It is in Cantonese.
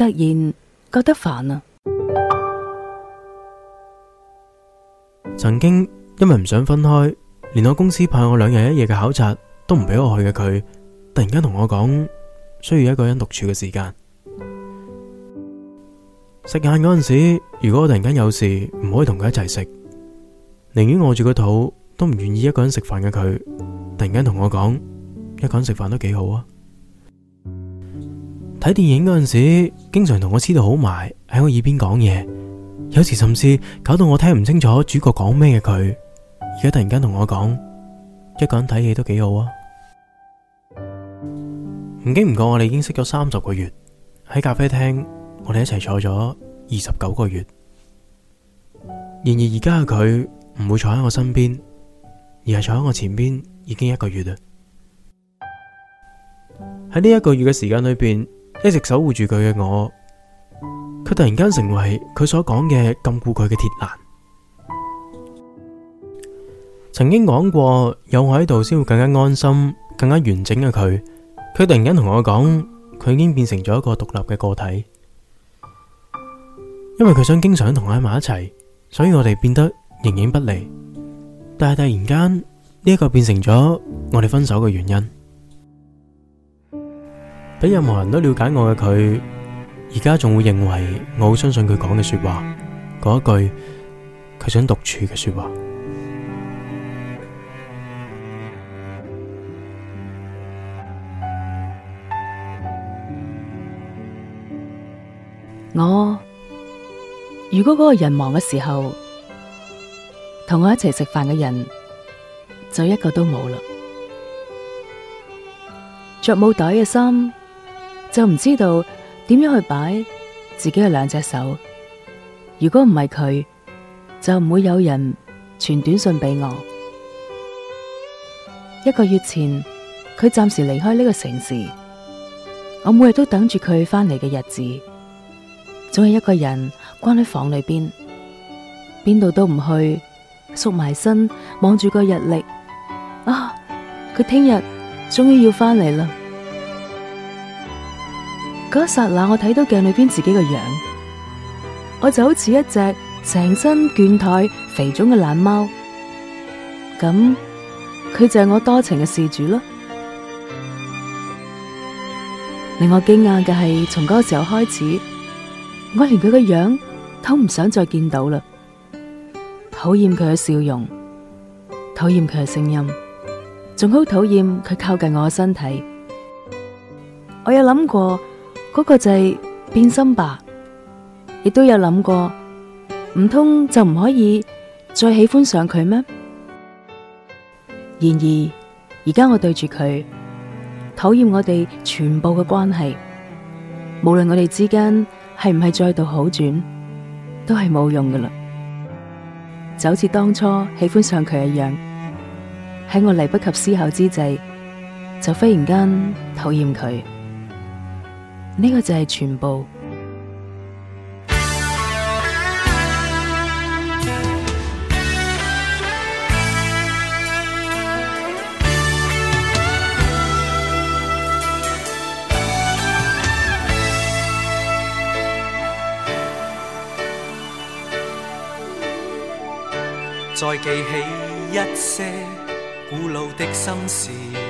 突然覺得煩啊！曾經因為唔想分開，連我公司派我兩日一夜嘅考察都唔俾我去嘅佢，突然間同我講需要一個人獨處嘅時間。食晏嗰陣時，如果我突然間有事唔可以同佢一齊食，寧願餓住個肚都唔願意一個人食飯嘅佢，突然間同我講一個人食飯都幾好啊！睇電影嗰陣時，經常同我黐到好埋喺我耳邊講嘢，有時甚至搞到我聽唔清楚主角講咩嘅佢。而家突然間同我講，一個人睇戲都幾好啊！唔經唔覺，我哋已經識咗三十個月，喺咖啡廳我哋一齊坐咗二十九個月。然而而家嘅佢唔會坐喺我身邊，而係坐喺我前邊，已經一個月啦。喺呢一個月嘅時間裏邊。一直守護住佢嘅我，佢突然間成為佢所講嘅禁錮佢嘅鐵欄。曾經講過有我喺度先會更加安心、更加完整嘅佢，佢突然間同我講，佢已經變成咗一個獨立嘅個體，因為佢想經常同我喺埋一齊，所以我哋變得形影不離。但係突然間呢一個變成咗我哋分手嘅原因。俾任何人都了解我嘅佢，而家仲會認為我好相信佢講嘅說話。嗰一句佢想獨處嘅說話，我如果嗰個人忙嘅時候，同我一齊食飯嘅人就一個都冇啦。着冇袋嘅衫。就唔知道點樣去擺自己嘅兩隻手。如果唔係佢，就唔會有人傳短信俾我。一個月前，佢暫時離開呢個城市，我每日都等住佢返嚟嘅日子。總係一個人關喺房裏邊，邊度都唔去，縮埋身望住個日曆。啊，佢聽日終於要返嚟啦！嗰一剎那，我睇到鏡裏邊自己嘅樣，我就好似一隻成身倦怠、肥腫嘅懶貓。咁佢就係我多情嘅事主咯。令我驚訝嘅係，從嗰個時候開始，我連佢嘅樣都唔想再見到啦，討厭佢嘅笑容，討厭佢嘅聲音，仲好討厭佢靠近我嘅身體。我有諗過。嗰個就係變心吧，亦都有諗過，唔通就唔可以再喜歡上佢咩？然而而家我對住佢，討厭我哋全部嘅關係，無論我哋之間係唔係再度好轉，都係冇用噶啦。就好似當初喜歡上佢一樣，喺我嚟不及思考之際，就忽然間討厭佢。呢個就係全部。再記 起一些古老的心事。